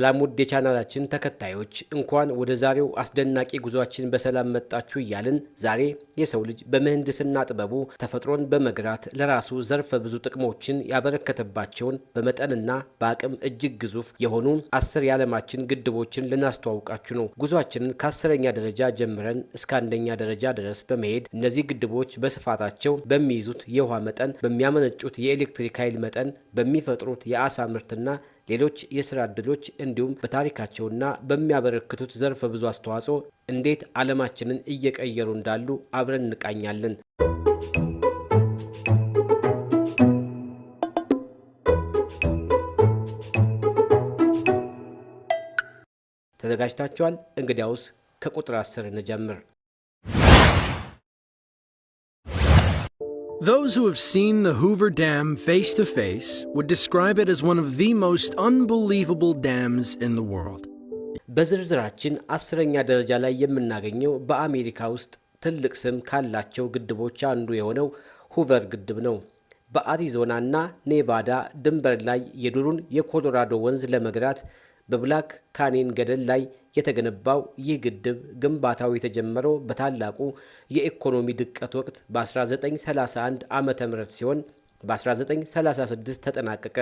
ሰላም ውድ የቻናላችን ተከታዮች እንኳን ወደ ዛሬው አስደናቂ ጉዟችን በሰላም መጣችሁ እያልን ዛሬ የሰው ልጅ በምህንድስና ጥበቡ ተፈጥሮን በመግራት ለራሱ ዘርፈ ብዙ ጥቅሞችን ያበረከተባቸውን በመጠንና በአቅም እጅግ ግዙፍ የሆኑ አስር የዓለማችን ግድቦችን ልናስተዋውቃችሁ ነው። ጉዟችንን ከአስረኛ ደረጃ ጀምረን እስከ አንደኛ ደረጃ ድረስ በመሄድ እነዚህ ግድቦች በስፋታቸው፣ በሚይዙት የውሃ መጠን፣ በሚያመነጩት የኤሌክትሪክ ኃይል መጠን፣ በሚፈጥሩት የአሳ ምርትና ሌሎች የስራ እድሎች እንዲሁም በታሪካቸውና በሚያበረክቱት ዘርፈ ብዙ አስተዋጽኦ እንዴት ዓለማችንን እየቀየሩ እንዳሉ አብረን እንቃኛለን። ተዘጋጅታችኋል? እንግዲያውስ ከቁጥር አስር እንጀምር። Those who have seen the Hoover Dam face to face would describe it as one of the most unbelievable dams in the world. በዝርዝራችን አስረኛ ደረጃ ላይ የምናገኘው በአሜሪካ ውስጥ ትልቅ ስም ካላቸው ግድቦች አንዱ የሆነው ሁቨር ግድብ ነው። በአሪዞና እና ኔቫዳ ድንበር ላይ የዱሩን የኮሎራዶ ወንዝ ለመግራት በብላክ ካኔን ገደል ላይ የተገነባው ይህ ግድብ ግንባታው የተጀመረው በታላቁ የኢኮኖሚ ድቀት ወቅት በ1931 ዓ ም ሲሆን በ1936 ተጠናቀቀ።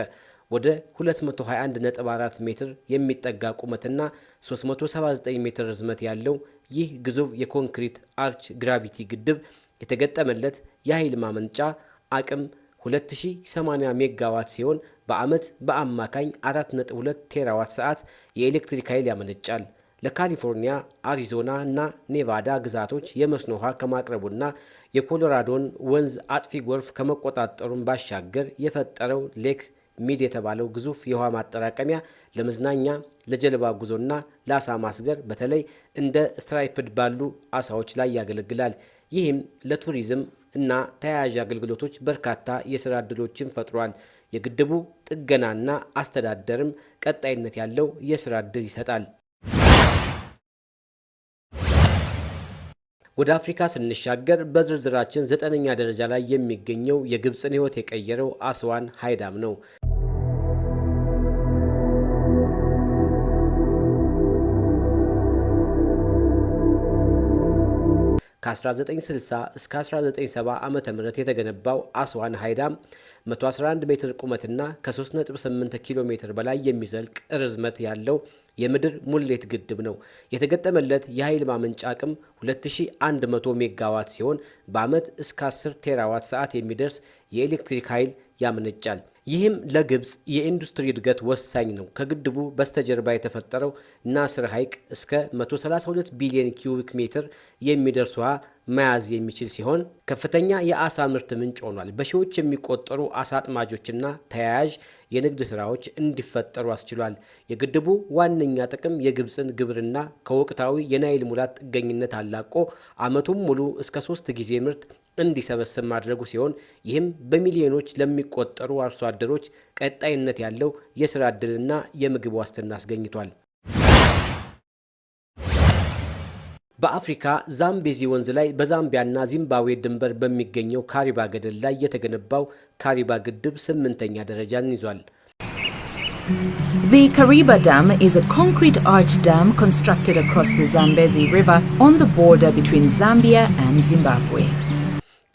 ወደ 221.4 ሜትር የሚጠጋ ቁመትና 379 ሜትር ርዝመት ያለው ይህ ግዙፍ የኮንክሪት አርች ግራቪቲ ግድብ የተገጠመለት የኃይል ማመንጫ አቅም 2080 ሜጋዋት ሲሆን በዓመት በአማካኝ 4.2 ቴራዋት ሰዓት የኤሌክትሪክ ኃይል ያመነጫል። ለካሊፎርኒያ፣ አሪዞና እና ኔቫዳ ግዛቶች የመስኖ ውሃ ከማቅረቡና የኮሎራዶን ወንዝ አጥፊ ጎርፍ ከመቆጣጠሩን ባሻገር የፈጠረው ሌክ ሚድ የተባለው ግዙፍ የውሃ ማጠራቀሚያ ለመዝናኛ፣ ለጀልባ ጉዞና ለአሳ ማስገር በተለይ እንደ ስትራይፕድ ባሉ አሳዎች ላይ ያገለግላል። ይህም ለቱሪዝም እና ተያያዥ አገልግሎቶች በርካታ የስራ ዕድሎችን ፈጥሯል። የግድቡ ጥገናና አስተዳደርም ቀጣይነት ያለው የስራ ዕድል ይሰጣል። ወደ አፍሪካ ስንሻገር በዝርዝራችን ዘጠነኛ ደረጃ ላይ የሚገኘው የግብፅን ሕይወት የቀየረው አስዋን ሀይዳም ነው። ከ1960 እስከ 1970 ዓ ም የተገነባው አስዋን ሃይዳም 111 ሜትር ቁመትና ከ3.8 ኪሎ ሜትር በላይ የሚዘልቅ ርዝመት ያለው የምድር ሙሌት ግድብ ነው። የተገጠመለት የኃይል ማመንጫ አቅም 2100 ሜጋዋት ሲሆን በዓመት እስከ 10 ቴራዋት ሰዓት የሚደርስ የኤሌክትሪክ ኃይል ያመነጫል። ይህም ለግብፅ የኢንዱስትሪ እድገት ወሳኝ ነው። ከግድቡ በስተጀርባ የተፈጠረው ናስር ሐይቅ እስከ 132 ቢሊዮን ኪዩቢክ ሜትር የሚደርስ ውሃ መያዝ የሚችል ሲሆን ከፍተኛ የአሳ ምርት ምንጭ ሆኗል። በሺዎች የሚቆጠሩ አሳ አጥማጆችና ተያያዥ የንግድ ስራዎች እንዲፈጠሩ አስችሏል። የግድቡ ዋነኛ ጥቅም የግብፅን ግብርና ከወቅታዊ የናይል ሙላት ጥገኝነት አላቆ ዓመቱን ሙሉ እስከ ሶስት ጊዜ ምርት እንዲሰበስብ ማድረጉ ሲሆን ይህም በሚሊዮኖች ለሚቆጠሩ አርሶ አደሮች ቀጣይነት ያለው የስራ ዕድልና የምግብ ዋስትና አስገኝቷል። በአፍሪካ ዛምቤዚ ወንዝ ላይ በዛምቢያና ዚምባብዌ ድንበር በሚገኘው ካሪባ ገደል ላይ የተገነባው ካሪባ ግድብ ስምንተኛ ደረጃን ይዟል። The Kariba Dam is a concrete arch dam constructed across the Zambezi River on the border between Zambia and Zimbabwe.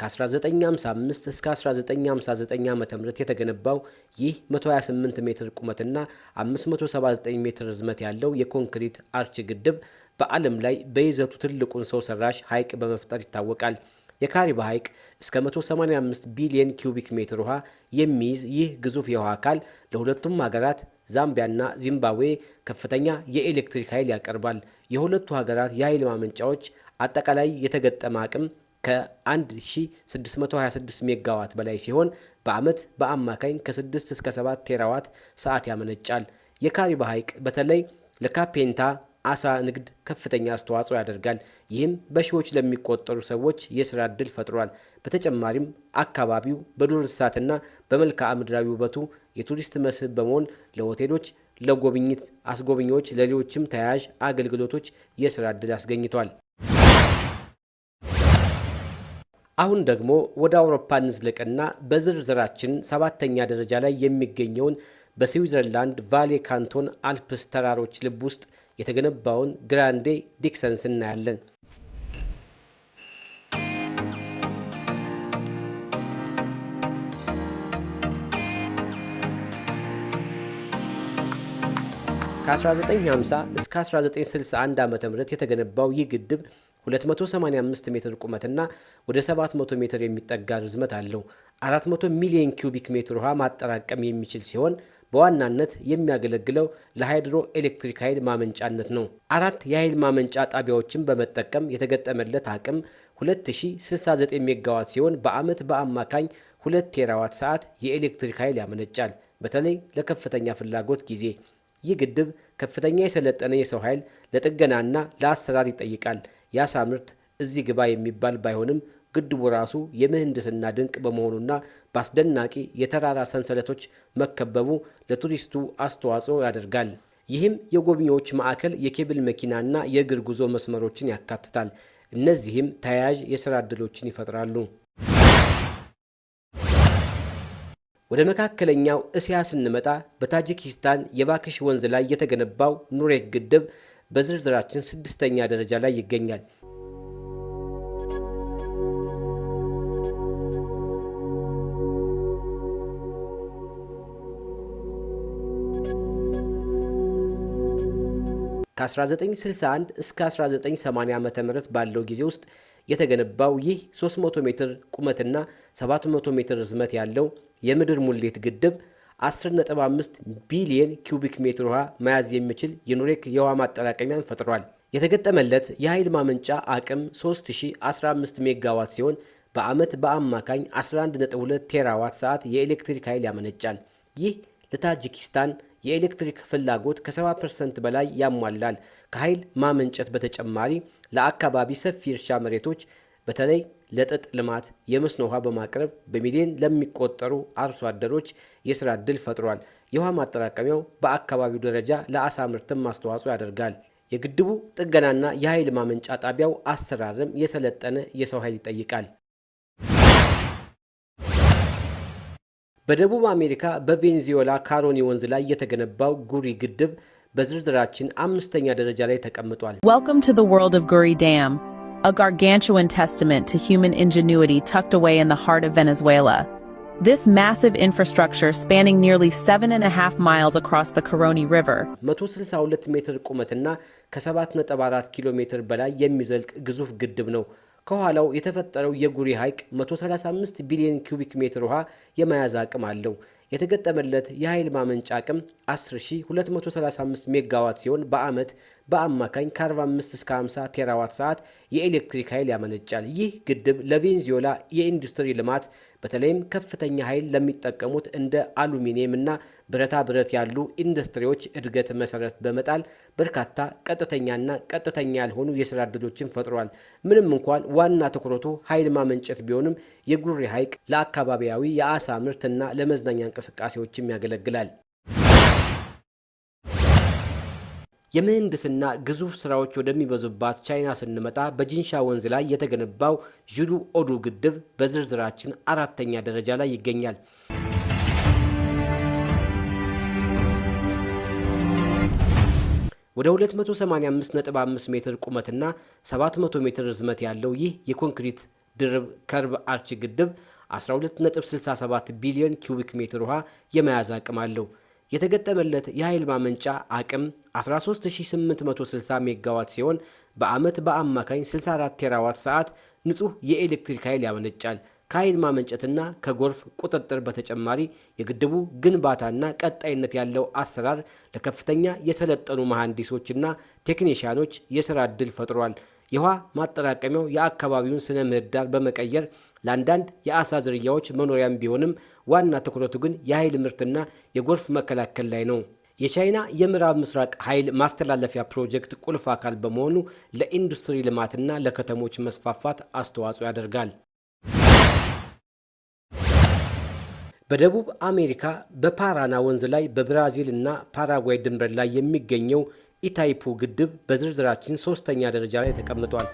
ከ1955 እስከ 1959 ዓ ም የተገነባው ይህ 128 ሜትር ቁመትና 579 ሜትር ርዝመት ያለው የኮንክሪት አርች ግድብ በዓለም ላይ በይዘቱ ትልቁን ሰው ሰራሽ ሐይቅ በመፍጠር ይታወቃል። የካሪባ ሐይቅ እስከ 185 ቢሊየን ኪዩቢክ ሜትር ውሃ የሚይዝ ይህ ግዙፍ የውሃ አካል ለሁለቱም ሀገራት ዛምቢያና ዚምባብዌ ከፍተኛ የኤሌክትሪክ ኃይል ያቀርባል። የሁለቱ ሀገራት የኃይል ማመንጫዎች አጠቃላይ የተገጠመ አቅም ከ1626 ሜጋዋት በላይ ሲሆን በዓመት በአማካኝ ከ6 እስከ 7 ቴራዋት ሰዓት ያመነጫል። የካሪባ ሐይቅ በተለይ ለካፔንታ አሳ ንግድ ከፍተኛ አስተዋጽኦ ያደርጋል። ይህም በሺዎች ለሚቆጠሩ ሰዎች የስራ ዕድል ፈጥሯል። በተጨማሪም አካባቢው በዱር እንስሳትና በመልክዓ ምድራዊ ውበቱ የቱሪስት መስህብ በመሆን ለሆቴሎች፣ ለጎብኝት አስጎብኚዎች፣ ለሌሎችም ተያያዥ አገልግሎቶች የስራ ዕድል አስገኝቷል። አሁን ደግሞ ወደ አውሮፓ እንዝልቅና በዝርዝራችን ሰባተኛ ደረጃ ላይ የሚገኘውን በስዊዘርላንድ ቫሌ ካንቶን አልፕስ ተራሮች ልብ ውስጥ የተገነባውን ግራንዴ ዲክሰንስ እናያለን። ከ1950 እስከ 1961 ዓ ም የተገነባው ይህ ግድብ 285 ሜትር ቁመትና ወደ 700 ሜትር የሚጠጋ ርዝመት አለው። 400 ሚሊዮን ኪዩቢክ ሜትር ውሃ ማጠራቀም የሚችል ሲሆን በዋናነት የሚያገለግለው ለሃይድሮ ኤሌክትሪክ ኃይል ማመንጫነት ነው። አራት የኃይል ማመንጫ ጣቢያዎችን በመጠቀም የተገጠመለት አቅም 2069 ሜጋዋት ሲሆን በዓመት በአማካኝ 2 ቴራዋት ሰዓት የኤሌክትሪክ ኃይል ያመነጫል። በተለይ ለከፍተኛ ፍላጎት ጊዜ ይህ ግድብ ከፍተኛ የሰለጠነ የሰው ኃይል ለጥገናና ለአሰራር ይጠይቃል። የአሳ ምርት እዚህ ግባ የሚባል ባይሆንም ግድቡ ራሱ የምህንድስና ድንቅ በመሆኑና በአስደናቂ የተራራ ሰንሰለቶች መከበቡ ለቱሪስቱ አስተዋጽኦ ያደርጋል። ይህም የጎብኚዎች ማዕከል የኬብል መኪናና የእግር ጉዞ መስመሮችን ያካትታል። እነዚህም ተያያዥ የሥራ ዕድሎችን ይፈጥራሉ። ወደ መካከለኛው እስያ ስንመጣ በታጂኪስታን የባክሽ ወንዝ ላይ የተገነባው ኑሬክ ግድብ በዝርዝራችን ስድስተኛ ደረጃ ላይ ይገኛል። ከ1961 እስከ 1980 ም ባለው ጊዜ ውስጥ የተገነባው ይህ 300 ሜትር ቁመትና 700 ሜትር ርዝመት ያለው የምድር ሙሌት ግድብ 10.5 ቢሊየን ኪዩቢክ ሜትር ውሃ መያዝ የሚችል የኑሬክ የውሃ ማጠራቀሚያን ፈጥሯል። የተገጠመለት የኃይል ማመንጫ አቅም 3015 ሜጋዋት ሲሆን በዓመት በአማካኝ 11.2 ቴራዋት ሰዓት የኤሌክትሪክ ኃይል ያመነጫል። ይህ ለታጂኪስታን የኤሌክትሪክ ፍላጎት ከ70 ፐርሰንት በላይ ያሟላል። ከኃይል ማመንጨት በተጨማሪ ለአካባቢ ሰፊ እርሻ መሬቶች በተለይ ለጥጥ ልማት የመስኖ ውሃ በማቅረብ በሚሊዮን ለሚቆጠሩ አርሶ አደሮች የስራ እድል ፈጥሯል። የውሃ ማጠራቀሚያው በአካባቢው ደረጃ ለአሳ ምርትም አስተዋጽኦ ያደርጋል። የግድቡ ጥገናና የኃይል ማመንጫ ጣቢያው አሰራርም የሰለጠነ የሰው ኃይል ይጠይቃል። በደቡብ አሜሪካ በቬንዙዌላ ካሮኒ ወንዝ ላይ የተገነባው ጉሪ ግድብ በዝርዝራችን አምስተኛ ደረጃ ላይ ተቀምጧል። ወልከም ቱ a gargantuan testament to human ingenuity tucked away in the heart of Venezuela. This massive infrastructure spanning nearly seven and a half miles across the Caroni River. ከኋላው የተፈጠረው የጉሪ ሐይቅ 135 ቢሊዮን ኪዩቢክ ሜትር ውሃ የመያዝ አቅም አለው። የተገጠመለት የኃይል ማመንጫ አቅም 10235 ሜጋዋት ሲሆን በዓመት በአማካኝ ከ45 እስከ 50 ቴራዋት ሰዓት የኤሌክትሪክ ኃይል ያመነጫል። ይህ ግድብ ለቬንዙዌላ የኢንዱስትሪ ልማት በተለይም ከፍተኛ ኃይል ለሚጠቀሙት እንደ አሉሚኒየም እና ብረታ ብረት ያሉ ኢንዱስትሪዎች እድገት መሰረት በመጣል በርካታ ቀጥተኛና ቀጥተኛ ያልሆኑ የስራ ዕድሎችን ፈጥሯል። ምንም እንኳን ዋና ትኩረቱ ኃይል ማመንጨት ቢሆንም የጉሪ ሐይቅ ለአካባቢያዊ የአሳ ምርትና ለመዝናኛ እንቅስቃሴዎችም ያገለግላል። የምህንድስና ግዙፍ ስራዎች ወደሚበዙባት ቻይና ስንመጣ በጂንሻ ወንዝ ላይ የተገነባው ዥሉ ኦዱ ግድብ በዝርዝራችን አራተኛ ደረጃ ላይ ይገኛል። ወደ 285.5 ሜትር ቁመትና 700 ሜትር ርዝመት ያለው ይህ የኮንክሪት ድርብ ከርብ አርች ግድብ 12.67 ቢሊዮን ኪዩቢክ ሜትር ውሃ የመያዝ አቅም አለው። የተገጠመለት የኃይል ማመንጫ አቅም 13860 ሜጋዋት ሲሆን በዓመት በአማካኝ 64 ቴራዋት ሰዓት ንጹህ የኤሌክትሪክ ኃይል ያመነጫል። ከኃይል ማመንጨትና ከጎርፍ ቁጥጥር በተጨማሪ የግድቡ ግንባታና ቀጣይነት ያለው አሰራር ለከፍተኛ የሰለጠኑ መሐንዲሶችና ቴክኒሽያኖች የሥራ ዕድል ፈጥሯል። የውሃ ማጠራቀሚያው የአካባቢውን ስነ ምህዳር በመቀየር ለአንዳንድ የአሳ ዝርያዎች መኖሪያም ቢሆንም ዋና ትኩረቱ ግን የኃይል ምርትና የጎርፍ መከላከል ላይ ነው። የቻይና የምዕራብ ምስራቅ ኃይል ማስተላለፊያ ፕሮጀክት ቁልፍ አካል በመሆኑ ለኢንዱስትሪ ልማትና ለከተሞች መስፋፋት አስተዋጽኦ ያደርጋል። በደቡብ አሜሪካ በፓራና ወንዝ ላይ በብራዚል እና ፓራጓይ ድንበር ላይ የሚገኘው ኢታይፑ ግድብ በዝርዝራችን ሶስተኛ ደረጃ ላይ ተቀምጧል።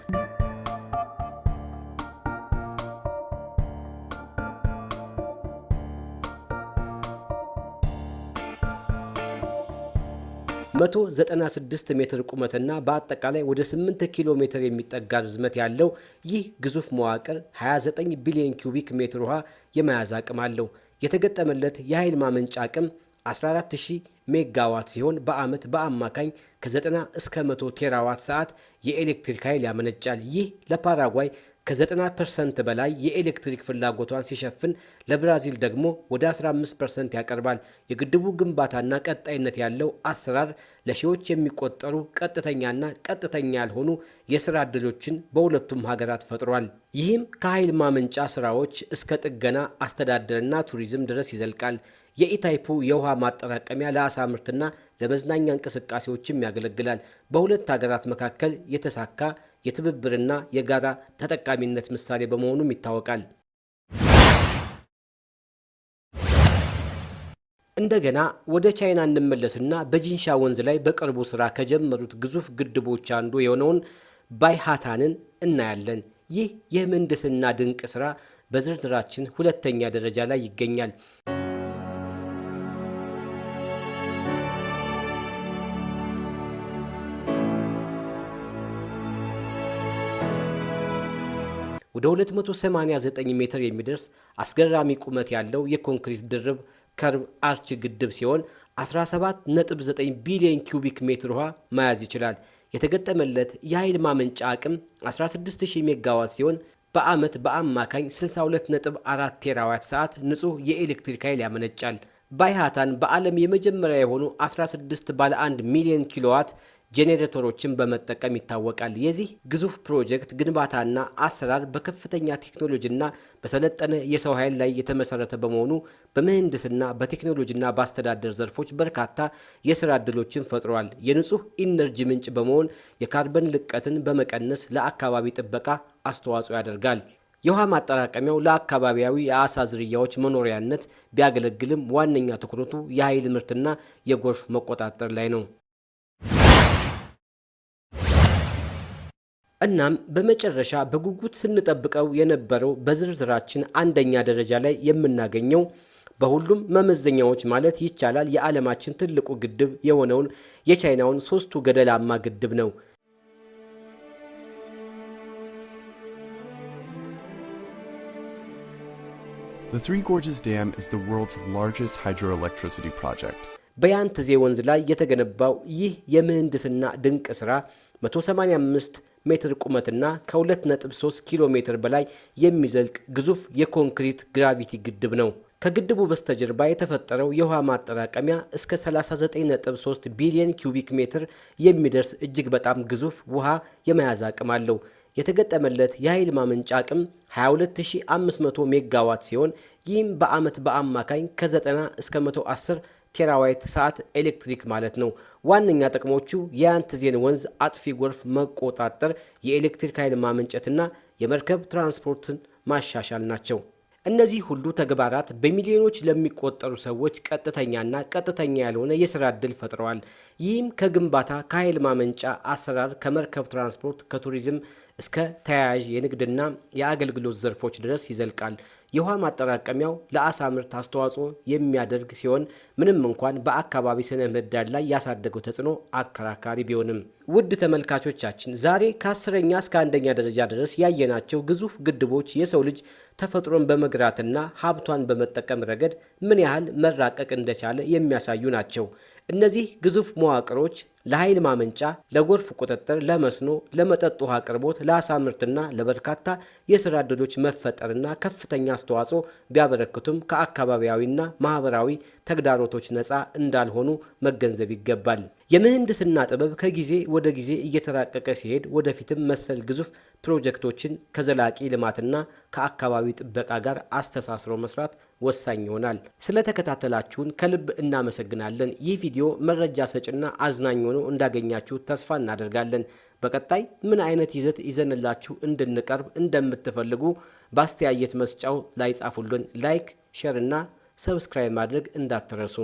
196 ሜትር ቁመትና በአጠቃላይ ወደ 8 ኪሎ ሜትር የሚጠጋ ርዝመት ያለው ይህ ግዙፍ መዋቅር 29 ቢሊዮን ኪዩቢክ ሜትር ውሃ የመያዝ አቅም አለው። የተገጠመለት የኃይል ማመንጫ አቅም 14000 ሜጋዋት ሲሆን በዓመት በአማካኝ ከ90 እስከ 100 ቴራዋት ሰዓት የኤሌክትሪክ ኃይል ያመነጫል። ይህ ለፓራጓይ ከ90 ፐርሰንት በላይ የኤሌክትሪክ ፍላጎቷን ሲሸፍን ለብራዚል ደግሞ ወደ 15 ፐርሰንት ያቀርባል። የግድቡ ግንባታና ቀጣይነት ያለው አሰራር ለሺዎች የሚቆጠሩ ቀጥተኛና ቀጥተኛ ያልሆኑ የሥራ ዕድሎችን በሁለቱም ሀገራት ፈጥሯል። ይህም ከኃይል ማመንጫ ሥራዎች እስከ ጥገና፣ አስተዳደርና ቱሪዝም ድረስ ይዘልቃል። የኢታይፑ የውሃ ማጠራቀሚያ ለአሳ ምርትና ለመዝናኛ እንቅስቃሴዎችም ያገለግላል። በሁለት ሀገራት መካከል የተሳካ የትብብርና የጋራ ተጠቃሚነት ምሳሌ በመሆኑም ይታወቃል። እንደገና ወደ ቻይና እንመለስና በጂንሻ ወንዝ ላይ በቅርቡ ስራ ከጀመሩት ግዙፍ ግድቦች አንዱ የሆነውን ባይሃታንን እናያለን። ይህ የምህንድስና ድንቅ ስራ በዝርዝራችን ሁለተኛ ደረጃ ላይ ይገኛል። ወደ 289 ሜትር የሚደርስ አስገራሚ ቁመት ያለው የኮንክሪት ድርብ ከርብ አርች ግድብ ሲሆን 17.9 ቢሊዮን ኪዩቢክ ሜትር ውሃ መያዝ ይችላል። የተገጠመለት የኃይል ማመንጫ አቅም 16000 ሜጋዋት ሲሆን በዓመት በአማካኝ 62.4 ቴራዋት ሰዓት ንጹህ የኤሌክትሪክ ኃይል ያመነጫል። ባይሃታን በዓለም የመጀመሪያ የሆኑ 16 ባለ 1 ሚሊዮን ኪሎዋት ጄኔሬተሮችን በመጠቀም ይታወቃል። የዚህ ግዙፍ ፕሮጀክት ግንባታና አሰራር በከፍተኛ ቴክኖሎጂና በሰለጠነ የሰው ኃይል ላይ የተመሰረተ በመሆኑ በምህንድስና በቴክኖሎጂና በአስተዳደር ዘርፎች በርካታ የስራ ዕድሎችን ፈጥሯል። የንጹህ ኢነርጂ ምንጭ በመሆን የካርበን ልቀትን በመቀነስ ለአካባቢ ጥበቃ አስተዋጽኦ ያደርጋል። የውሃ ማጠራቀሚያው ለአካባቢያዊ የአሳ ዝርያዎች መኖሪያነት ቢያገለግልም ዋነኛ ትኩረቱ የኃይል ምርትና የጎርፍ መቆጣጠር ላይ ነው። እናም በመጨረሻ በጉጉት ስንጠብቀው የነበረው በዝርዝራችን አንደኛ ደረጃ ላይ የምናገኘው በሁሉም መመዘኛዎች ማለት ይቻላል የዓለማችን ትልቁ ግድብ የሆነውን የቻይናውን ሶስቱ ገደላማ ግድብ ነው። The Three Gorges Dam is the world's largest hydroelectricity project. በያንትዜ ወንዝ ላይ የተገነባው ይህ የምህንድስና ድንቅ ሥራ 185 ሜትር ቁመትና ከ2.3 ኪሎ ሜትር በላይ የሚዘልቅ ግዙፍ የኮንክሪት ግራቪቲ ግድብ ነው። ከግድቡ በስተጀርባ የተፈጠረው የውሃ ማጠራቀሚያ እስከ 39.3 ቢሊዮን ኪዩቢክ ሜትር የሚደርስ እጅግ በጣም ግዙፍ ውሃ የመያዝ አቅም አለው። የተገጠመለት የኃይል ማመንጫ አቅም 22500 ሜጋዋት ሲሆን ይህም በዓመት በአማካኝ ከ90 እስከ 110 ቴራዋይት ሰዓት ኤሌክትሪክ ማለት ነው። ዋነኛ ጥቅሞቹ የያንትዜን ወንዝ አጥፊ ጎርፍ መቆጣጠር፣ የኤሌክትሪክ ኃይል ማመንጨትና የመርከብ ትራንስፖርትን ማሻሻል ናቸው። እነዚህ ሁሉ ተግባራት በሚሊዮኖች ለሚቆጠሩ ሰዎች ቀጥተኛና ቀጥተኛ ያልሆነ የስራ እድል ፈጥረዋል። ይህም ከግንባታ፣ ከኃይል ማመንጫ አሰራር፣ ከመርከብ ትራንስፖርት፣ ከቱሪዝም እስከ ተያያዥ የንግድና የአገልግሎት ዘርፎች ድረስ ይዘልቃል። የውሃ ማጠራቀሚያው ለአሳ ምርት አስተዋጽኦ የሚያደርግ ሲሆን ምንም እንኳን በአካባቢ ስነ ምህዳር ላይ ያሳደገው ተጽዕኖ አከራካሪ ቢሆንም ውድ ተመልካቾቻችን ዛሬ ከአስረኛ እስከ አንደኛ ደረጃ ድረስ ያየናቸው ግዙፍ ግድቦች የሰው ልጅ ተፈጥሮን በመግራትና ሀብቷን በመጠቀም ረገድ ምን ያህል መራቀቅ እንደቻለ የሚያሳዩ ናቸው። እነዚህ ግዙፍ መዋቅሮች ለኃይል ማመንጫ፣ ለጎርፍ ቁጥጥር፣ ለመስኖ፣ ለመጠጥ ውሃ አቅርቦት፣ ለአሳ ምርትና ለበርካታ የስራ ዕድሎች መፈጠርና ከፍተኛ አስተዋጽኦ ቢያበረክቱም ከአካባቢያዊና ማህበራዊ ተግዳሮቶች ነፃ እንዳልሆኑ መገንዘብ ይገባል። የምህንድስና ጥበብ ከጊዜ ወደ ጊዜ እየተራቀቀ ሲሄድ ወደፊትም መሰል ግዙፍ ፕሮጀክቶችን ከዘላቂ ልማትና ከአካባቢ ጥበቃ ጋር አስተሳስሮ መስራት ወሳኝ ይሆናል። ስለተከታተላችሁን ከልብ እናመሰግናለን። ይህ ቪዲዮ መረጃ ሰጭና አዝናኝ ሆኖ እንዳገኛችሁ ተስፋ እናደርጋለን። በቀጣይ ምን አይነት ይዘት ይዘንላችሁ እንድንቀርብ እንደምትፈልጉ በአስተያየት መስጫው ላይ ጻፉልን። ላይክ፣ ሼር እና ሰብስክራይብ ማድረግ እንዳትረሱ።